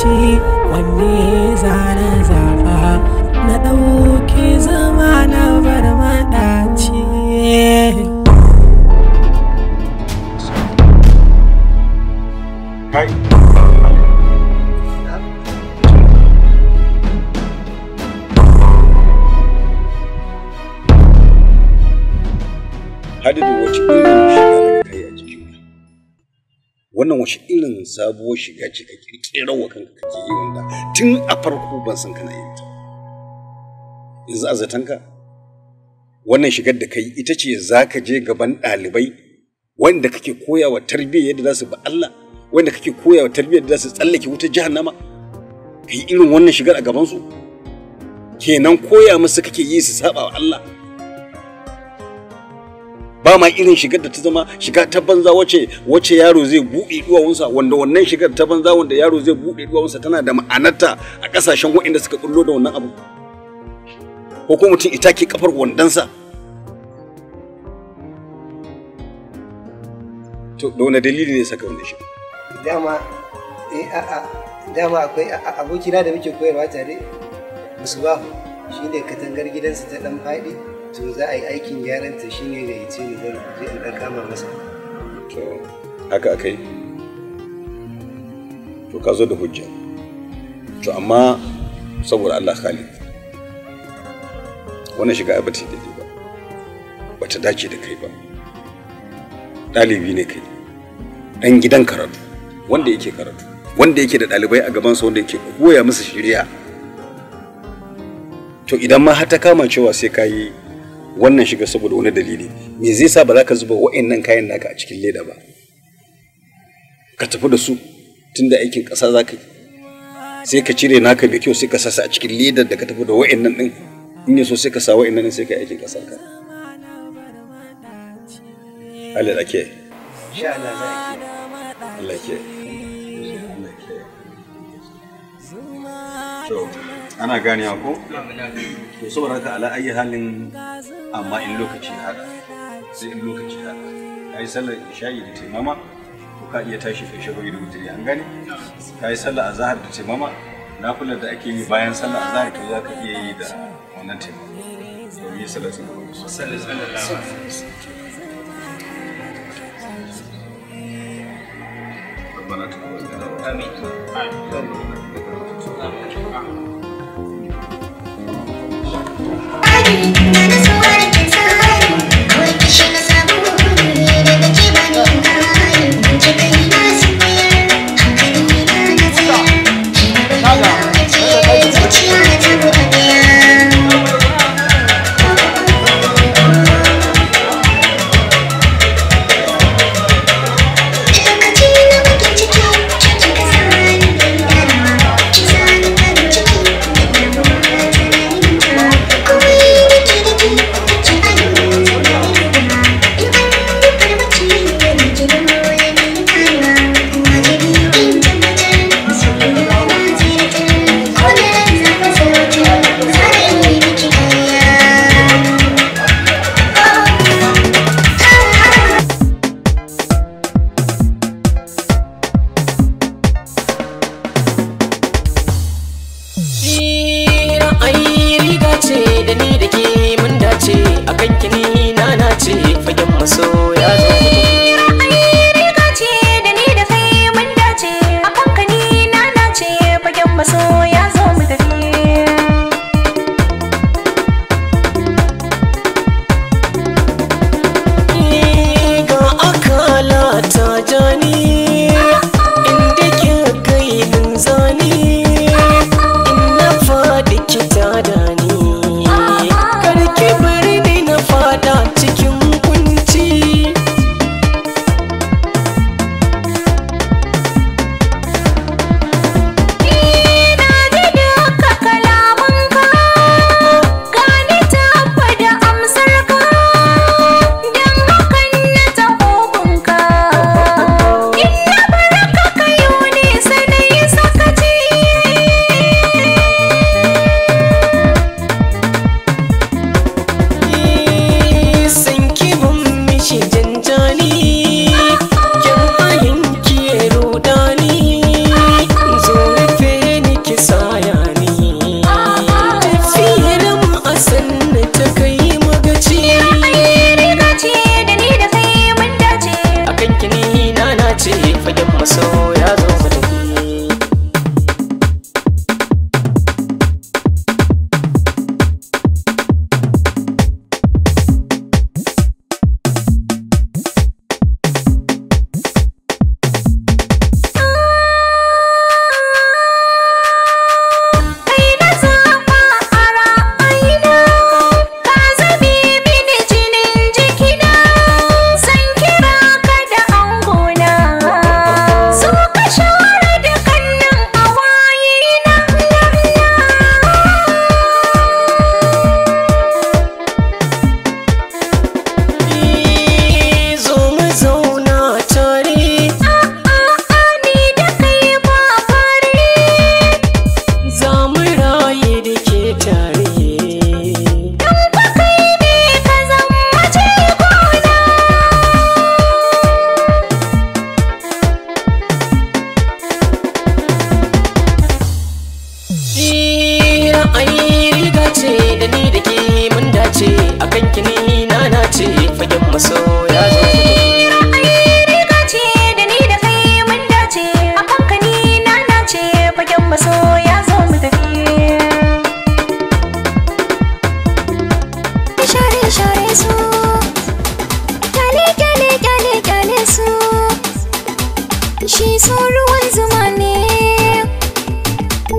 ce wanne zana zafa na ɗauki zama na bar maɗaci wannan wace irin sabuwar shiga ce ka kirkira wa kanka kake yi wanda tun a farko ban san kana yin ta yanzu a zatanka wannan shigar da kai ita ce za ka je gaban ɗalibai wanda kake wa tarbiyyar yadda za su ba Allah wanda kake koya wa tarbiyyar da za su tsallake wuta jahannama ka yi irin wannan shigar a gabansu kenan koya musu kake yi su saba wa Allah ba ma irin shigar da ta zama shiga ta banza wace wace yaro zai buɗe duwawunsa wanda wannan shigar ta banza wanda yaro zai buɗe duwawunsa tana da ma'anarta a ƙasashen waɗanda suka kullo da wannan abu ko kuma mutum ita ke kafar wandansa. to da wani dalili ne saka wannan shi dama eh a dama akwai abokina da muke koyarwa tare musu ba shi ne katangar gidansa ta dan faɗi to za a yi aikin gyaran ta shine da ya ce ni zan je in dan kama masa to haka akai to ka zo da hujja to amma saboda Allah Khalid wannan shiga ai bata daidai ba bata dace da kai ba ɗalibi ne kai ɗan gidan karatu wanda yake karatu wanda yake da ɗalibai a gabansa wanda yake koya musu shirya to idan ma har ta kama cewa sai ka yi wannan shiga saboda wani dalili me zai sa ba za ka zuba wa'annan kayan naka a cikin leda ba ka tafi da su tunda aikin ƙasa za ka sai ka cire naka mai kyau sai ka sasa a cikin ledar da ka tafi da wa'annan din in ne so sai ka sa wa'annan din sai ka aikin ƙasar ka Allah da ke za Allah ke Allah ke ana gane ko to saboda haka ala ayi halin amma in lokaci har sai in lokaci har ka yi sallar isha'i da taimama to ka iya tashi kai shagoyi da mutane an gani. ka yi sallar azahar da taimama kula da ake yi bayan sallar azahar to za ka iya yi da wannan taimama domin yi sallar sallar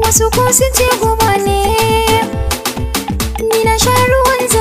wasu ko sun ce goma ne ni na sha ruwan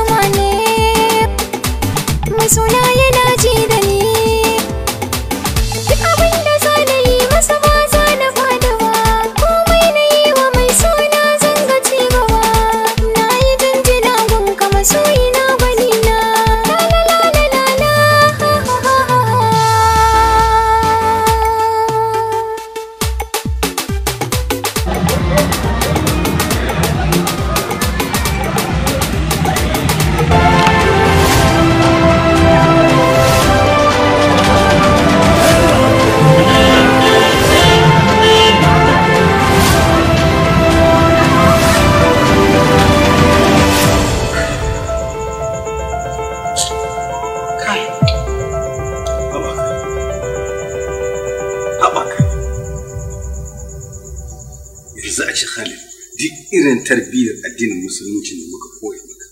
musulunci ne muka koya maka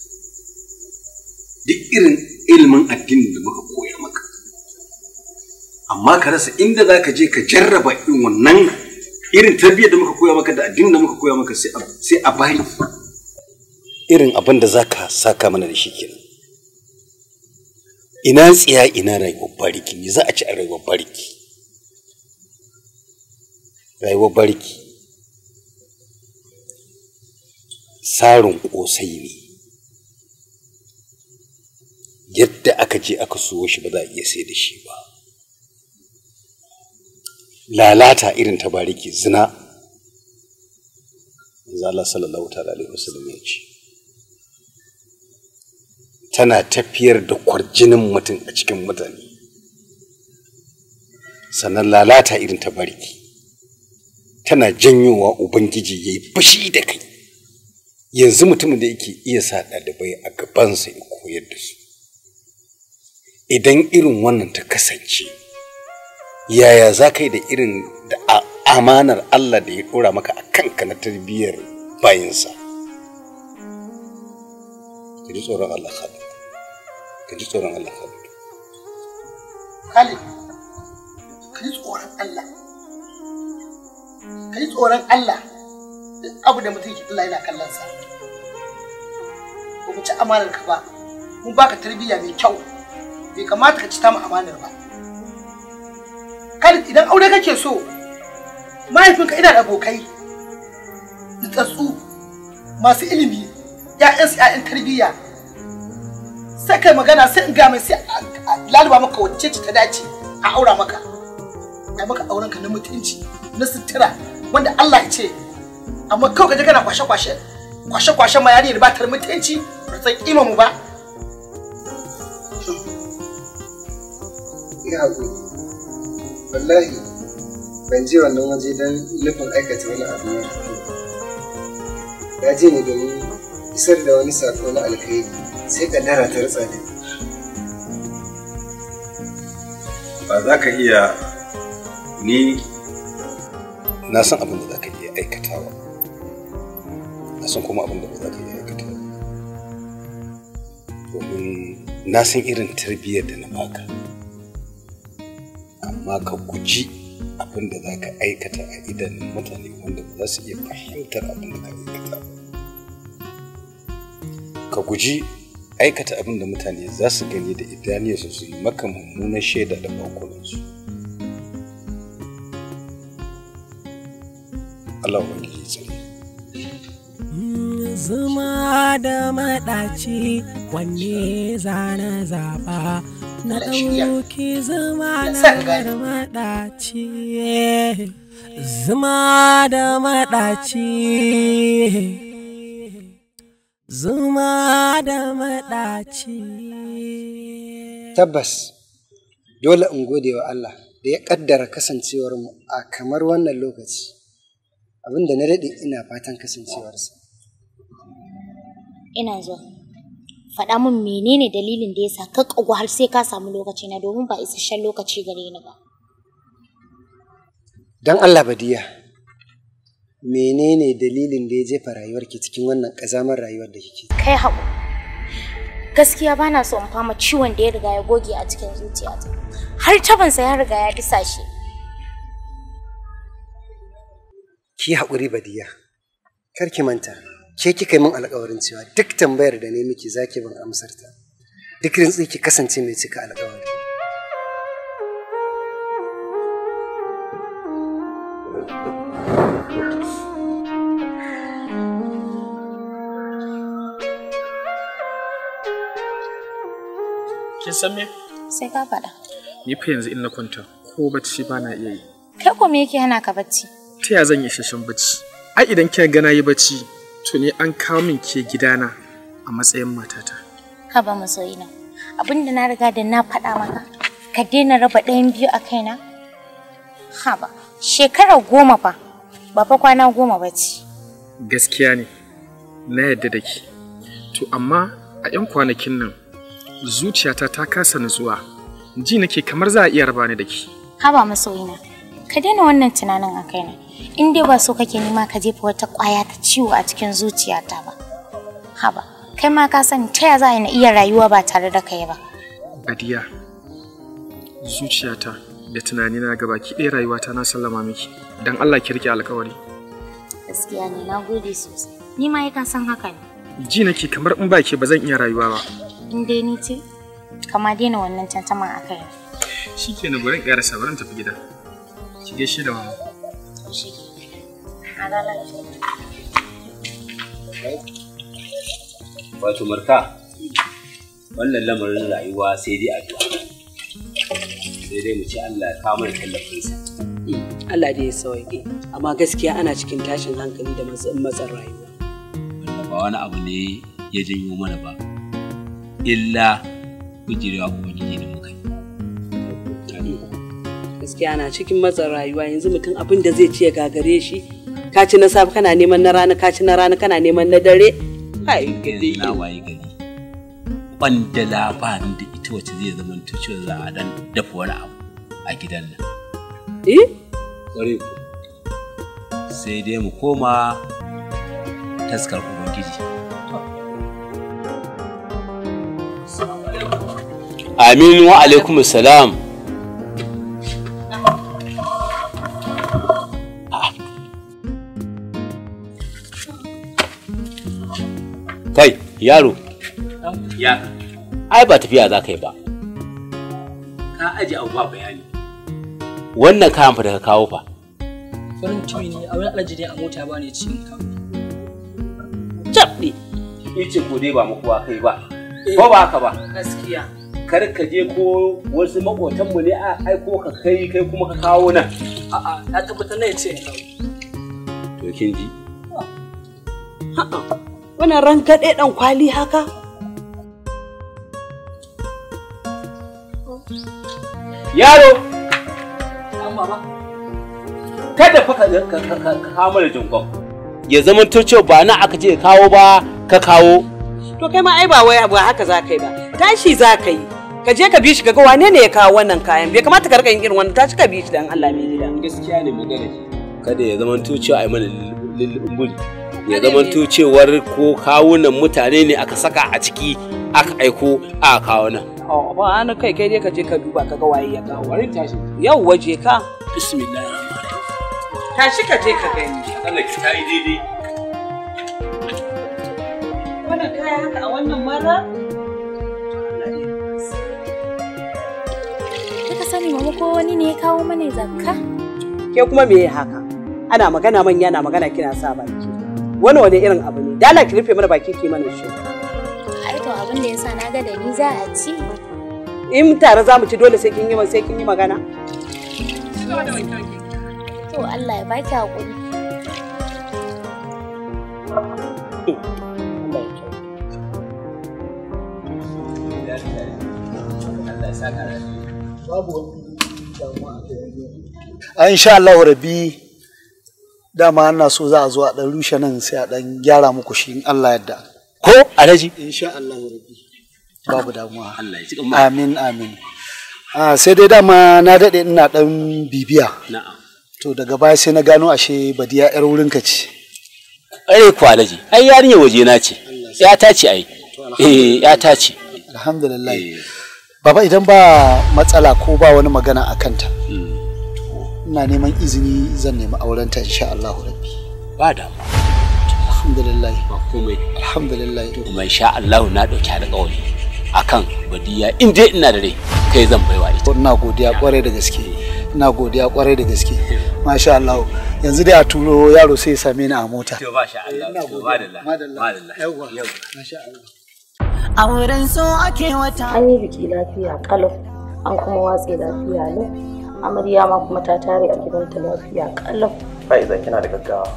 duk irin ilimin addinin da muka koya maka amma ka rasa inda za ka je ka jarraba irin wannan irin tarbiyyar da muka koya maka da addinin da muka koya maka sai a bari irin abin da za ka saka mana da shi kenan ina tsiya ina rayuwar bariki me za a ci a rayuwar bariki rayuwar bariki sarin ƙosai ne yadda aka je aka suwo shi ba za a iya sai da shi ba lalata irin ta bariki zina zala sallallahu ta'ala alaihi wasallam ya ce tana tafiyar da kwarjinin mutum a cikin mutane sannan lalata irin ta bariki tana janyowa ubangiji ya yi fushi da kai yanzu mutumin da yake iya sa ɗalibai a gabansa ya koyar da su idan irin wannan ta kasance yaya za ka yi da irin da amanar Allah da ya ɗora maka a kanka na tarbiyyar bayansa ka ji tsoron Allah Khalid ka ji tsoron Allah Khalid Khalid ka ji tsoron Allah ka ji tsoron Allah abu da mutum ke Allah yana kallon sa ba ci amanar ka ba mun baka tarbiyya mai kyau bai kamata ka ci ta mu amanar ba Khalid idan aure kake so mahaifinka ina da abokai nutsatsu masu ilimi ‘ya'yansu ‘ya'yan tarbiyya sai kai magana sai in ga mai sai laluba maka wacce ta dace a aura maka ai maka aurenka na mutunci na sutura wanda Allah ya ce amma kawai kaje kana kwashe-kwashe kwashe-kwashe ma yari ba tar mutunci ba san ima mu ba ya haƙuri wallahi ban je wannan waje don nufin aikata wani abu ne ya je ne domin isar da wani sako na alkhairi sai ka dara ta rutsa ne ba za ka iya ni na san abin da za ka iya aikatawa san kuma abin da ba za ka iya aikata domin na san irin tarbiyyar da na baka amma ka guji abin da za ka aikata a idanun mutane wanda ba za su iya fahimtar abin da ka aikata ka guji aikata abin da mutane za su gani da idaniyarsu su yi maka mummunan shaida da bakunansu Allah Ubangiji ya tsare zuma da maɗaci wanne zana zaɓa na ɗauki zuma na maɗaci zuma da maɗaci zuma da maɗaci tabbas dole in gode wa Allah da ya ƙaddara mu a kamar wannan lokaci abinda na daɗe ina fatan kasancewarsa ina zuwa faɗa min menene dalilin da yasa ka kago har sai ka samu lokaci na domin ba isasshen lokaci gare ni ba dan Allah badiya menene dalilin da ya jefa rayuwarki cikin wannan ƙazamar rayuwar da kike kai haƙo gaskiya ba na so in fama ciwon da ya riga ya goge a cikin zuciyata har tabansa ya riga ya disa shi ki haƙuri badiya kar ki manta ke kika yi min alƙawarin cewa duk tambayar da ne miki zaki ban amsar ta duk rintsi ki kasance mai cika alƙawari Kin san me? Sai ka faɗa. Ni fa yanzu in na kwanta ko bacci ba na iya yi. Kai ko me yake hana ka bacci? Ta ya zan yi shashin bacci? Ai idan kika gana yi bacci ne an kawo min ke gidana a matsayin matata. Haba masoyina, abinda na riga da na faɗa maka, ka daina raba ɗayan biyu a kaina? Ha ba shekara goma ba fa kwana goma ba ce. Gaskiya ne, na yadda da ke, To amma a 'yan kwanakin nan, zuciyata ta kasa nutsuwa, ji nake kamar za a iya raba ni da ba Haba masoyina, ka daina wannan tunanin a kaina. in dai ba so kake nema ka jefa wata ƙwaya ta ciwo a cikin zuciyata ba haba kai ma ka sani ta za na iya rayuwa ba tare da kai ba gadiya zuciyata da tunani tunanina gabaki ɗaya rayuwata na sallama miki don allah ki rike alƙawari. gaskiya ne na gode sosai ni ma yakan san haka ne ji nake kamar in ba ke ba zan iya rayuwa ba in dai ni ce kama daina wannan tantaman a kai gurin ƙarasa barin tafi gida shige shi da mama shi a wato marka wannan lamarin rayuwa sai dai a duwa sai dai mu ci Allah ya kawo tallafin sa Allah dai ya sauke amma gaskiya ana cikin tashin hankali da matsin matsan rayuwa wannan ba wani abu ne ya janyo mana ba illa kujerewa ubangiji da muka yi gaskiya na cikin matsin rayuwa yanzu mutum abin da zai ci ya gagare shi ka ci na safe kana neman na rana ka ci na rana kana neman na dare kai gari na waye gari ban da labarin da ita wacce zai zama ta da za a dan abu a gidan nan eh kware ku sai dai mu koma taskar ubangiji amin wa alaikum salam Kai, yaro. Ya. Ai ba tafiya za ka yi ba. Ka aje abu ba bayani. Wannan kayan fa da ka kawo fa. Farin tumi ne a wani alaji dai a mota ba ne cikin kawo. Cabɗi. Ice ko dai ba makuwa kai ba. Eh. ko ba haka ba. Gaskiya. Kar ka je ko wasu mu ne a aiko ka kai kai kuma ka kawo nan. A'a, na tabbatar ne ce. To kin ji. Ha'a. wannan rankaɗe ɗan kwali haka yaro kada fa ka kama da jinkon ya zama to ce ba na aka ce kawo ba ka kawo to kai ma ai ba wai ba haka za ka yi ba tashi za ka yi ka je ka bi shi ga wane ne ya kawo wannan kayan bai kamata ka rika yin irin wannan tashi ka bi shi dan Allah mai gida gaskiya ne magana kada ya zama to ce ai mana lullubin ya to cewar ko kawunan mutane ne aka saka a ciki aka aiko a kawunan. ba an kai kai dai ka je ka duba ka ga waye ya kawo warin tashi yau waje ka bismillah tashi ka je ka gani Allah ki ta yi daidai wannan kaya haka a wannan mara Kaka sani mama ko wani ne ya kawo mana zakka? Ke kuma me haka? Ana magana manya na magana kina sa baki. wani wani irin abu ne dala ki rufe mana baki ki mana shi ai to abin da yasa na ga da ni za a ci in tare za mu ci dole sai kin yi sai kin yi magana to Allah ya baki hakuri Allah ya babu wani An ah, Insha Allah rabi dama ana so za a zo a ɗan rushe nan sai a ɗan gyara muku shi in Allah yadda. Ko alhaji? Insha Allah rabbi. Babu damuwa. Allah ya cikin Amin amin. Ah, sai dai dama na daɗe ina ɗan bibiya. Na'am. To daga baya sai na gano ashe badiya yar wurin ka ce. Ai ku alhaji. Ai yarinya waje na ce. Ya ta ce ai. Eh ya ta ce. Alhamdulillah. Eh. Baba idan ba matsala ko ba wani magana a kanta. Hmm. ina neman izini zan nemi auren ta insha Allah rabbi ba da alhamdulillah ba komai alhamdulillah to kuma insha Allah na da alƙawari akan badiya in dai ina da rai kai zan baiwa ita ina godiya kwarai da gaske ina godiya kwarai da gaske masha Allah yanzu dai a turo yaro sai ya same ni a mota to ba sha Allah to madalla madalla yawa masha Allah a wurin so ake wata an yi biki lafiya kalau an kuma watsi lafiya ne amarya ma kuma ta tare a gidanta lafiya kallon fa'iza kina da gaggawa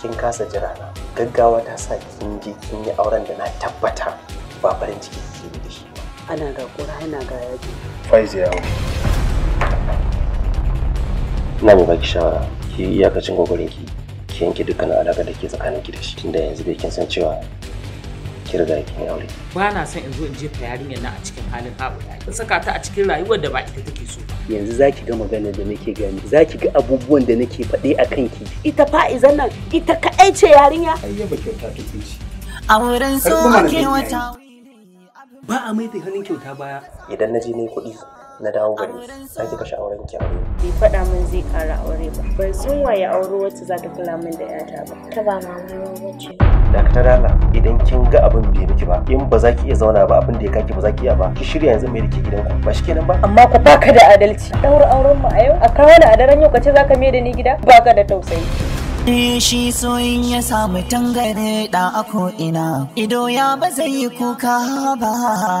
kin kasa jira na gaggawa ta sa kin je kin yi auren da na tabbata ba farin ciki da shi ana ga kura ana ga yaji faiza yawo na ba baki shawara ki iyakacin gwagwarin ki ki yanke dukkan alaƙar da ke tsakanin ki da shi tunda yanzu bai kin san cewa ki riga aure ba na son in zo in jefa yarinyar na a cikin halin haɓuya Ka saka ta a cikin rayuwar da ba ita take so ba. yanzu za ki ga maganar da nake gani ki ga abubuwan da nake faɗe a kanki ita fa fa'izan nan ita kaɗai ce yarinya ba kyauta ta ce a wurin so wata ba a mai da hannun kyauta baya idan na je na yi kuɗi na dawo gari za ki kashe auren ki aure. Bai faɗa min zai ƙara aure ba. Ban san waye aure wacce za ta kula min da 'yata ba. Ta ba mama wacce. Dakatar Allah idan kin ga abin bai miki ba in ba za ki iya zauna ba abin da ya kake ba za ki iya ba ki shirya yanzu mai dake gidanku ba shi kenan ba. Amma ku baka da adalci. Ɗaura auren mu a yau a kawo ni a daren yau kace za ka mai da ni gida baka da tausayi. Eh, shi soyin ya samu tangare da ako ina. ido ya ba zai yi kuka ba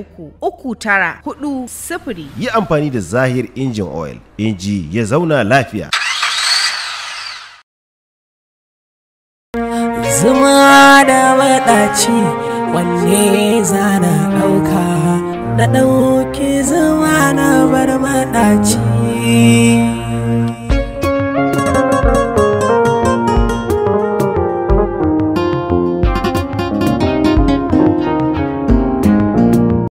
uku uku tara hudu sifiri. Yi amfani da Zahir injin oil, inji ya zauna lafiya. Zuma da maɗaci wanne za na ɗauka, na ɗauki zuma na bar maɗaci.